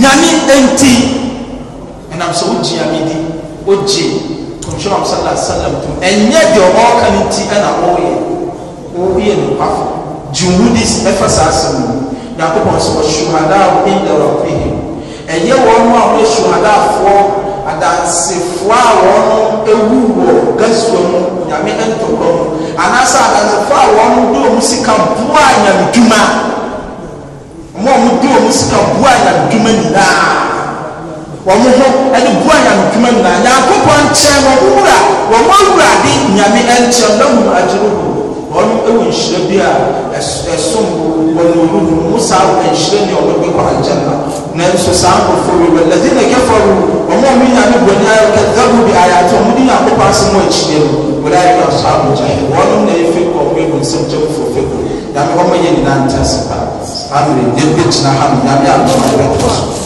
nyame enti ɛnam sɛ wogye amedi wogye kɔmhyɛm sala salam tom ɛnyɛ deɛ ɔbɔɔka no nti ɛna wɔyɛ wɔyɛ nokwafo gye wo ho di ɛfa saa asɛm no nyankopɔn sɛ wɔshuhadao inda rabbihim ɛyɛ wɔn a wɔyɛ shuhadafoɔ adansefoɔ a wɔn ewu wɔ gasua mu nyame ntɔkɔ mu anaasɛ adansefoɔ a wɔn dɔɔ mu sika mpoa nyame dwuma wɔn a wɔn dɔɔ mu sika adwuma nyinaa wɔn ho ne bua nyame adwuma nyinaa nyankopɔn nkyɛn wɔn wura wɔn de nyame nkyɛn na wɔn agyere ho wɔn wɔ nhyira bi a ɛsom wɔn wɔn ho mu saa nhyira ne wɔn bɛ kɔ nkyɛn na nanso saa nkurɔfoɔ yi wɔn ladi na kɛfɔ wo wɔn a wɔn nyame bɔ ne ayɛ kɛtɛbu bi ayatɔ wɔn di nyankopɔn asɛm wɔ akyire no wɔn ayɛ kɔ saa wɔn gya wɔn na efi kɔ wɔn egu nsɛm kyɛn fofo fofo nyame wɔn yɛ nyinaa amiri de bi tena ha mi nyame abɔ ma bɛ